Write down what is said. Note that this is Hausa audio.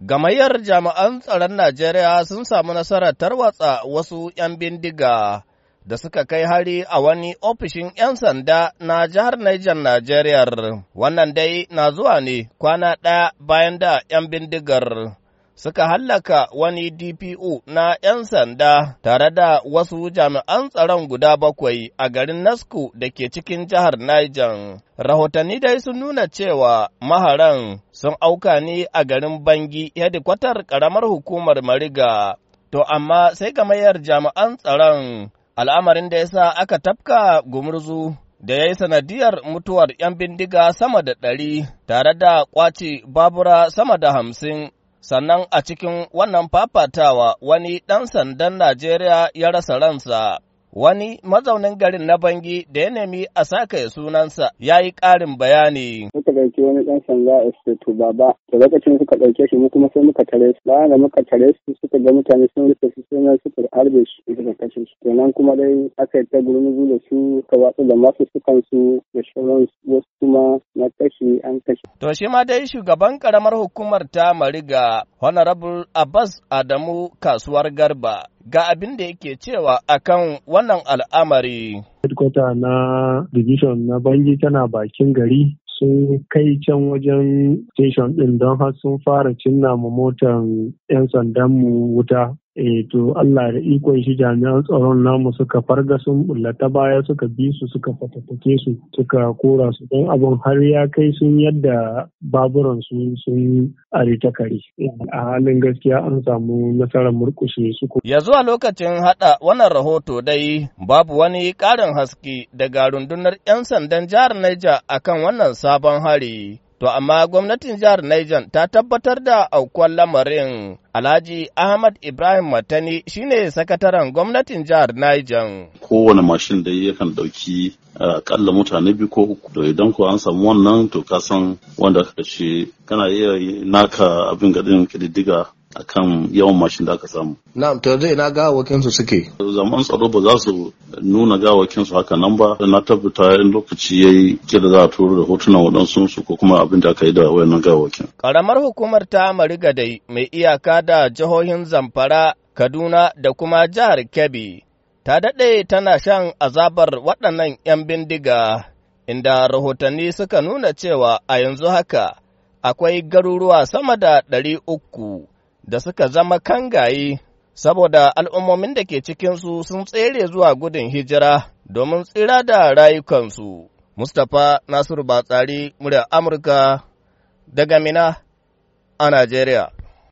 Gamayyar jami'an tsaron Najeriya sun samu nasarar tarwatsa wasu ‘yan bindiga da suka kai hari a wani ofishin ‘yan sanda na jihar Niger Najeriya. Wannan dai na zuwa ne kwana ɗaya bayan da ‘yan bindigar suka hallaka wani DPO na ‘yan sanda tare da wasu jami'an tsaron guda bakwai a garin Nasku da ke cikin jihar Niger. Rahotanni dai sun nuna cewa maharan sun auka ne a garin Bangi hedikwatar ƙaramar hukumar Mariga. To amma sai ga mayar jami'an tsaron al'amarin da ya sa aka tafka gumurzu da ya yi sanadiyar mutuwar ‘yan bindiga sama da ɗari tare da ƙwace babura sama da hamsin sannan a cikin wannan fafatawa wani ɗan sandan Najeriya ya rasa ransa. Wani mazaunin garin na Bangi da ya nemi a saka sunansa ya yi ƙarin bayani. Muka ɗauki wani ɗan sanda a Sato Baba, da lokacin suka ɗauke shi mu kuma sai muka tare su. Bayan da muka tare su suka ga mutane sun rufe su sai suka harbe da suka kashe shi. Kenan kuma dai aka yi ta gurmuzu da su ka watsa da masu sukan su da shauran wasu kuma na kashe an kashe. To shi ma dai shugaban karamar hukumar ta Mariga Honorable Abbas Adamu Kasuwar Garba ga abin da yake cewa akan wannan al'amari. Headquarter na division na bangi tana bakin gari sun kai can wajen station ɗin don har sun fara cinna mu motan 'yan sandanmu wuta eh to Allah da ikon shi jami'an tsaron namu suka farga sun ta baya suka bi su suka fatattake su suka kora su don abin har ya kai sun yadda baburan su sun are ta kare a halin gaskiya an samu nasarar murkushe su ko. ya zuwa lokacin hada wannan rahoto dai babu wani karin haske daga rundunar 'yan sandan jihar Niger akan wannan sabon hari To amma gwamnatin jihar Niger ta tabbatar da aukuwar lamarin Alhaji Ahmad Ibrahim Matani shine sakataren gwamnatin jihar Niger. Kowane mashin da yakan ɗauki eh, akalla mutane biyu ko uku da idan ko an samu wannan to ka san wanda ka ce kana iya naka abin gadin kididdiga kan yawan mashin da aka samu. Na'am to yanzu ina gawakin su suke. Zaman tsaro ba za su nuna gawakin su haka nan ba na tabbata in lokaci yayi kira za a turo da hotunan waɗansu su ko kuma abin da aka yi da wayannan gawakin. Karamar hukumar ta gadai mai iyaka da jihohin Zamfara, Kaduna da kuma jihar Kebbi ta daɗe tana shan azabar waɗannan 'yan bindiga inda rahotanni suka nuna cewa a yanzu haka akwai garuruwa sama da ɗari uku da suka zama kangaye saboda al'ummomin da ke cikinsu sun tsere zuwa gudun hijira domin tsira da rayukansu. Mustapha Nasiru Batsari, murya Amurka, daga Mina a Najeriya.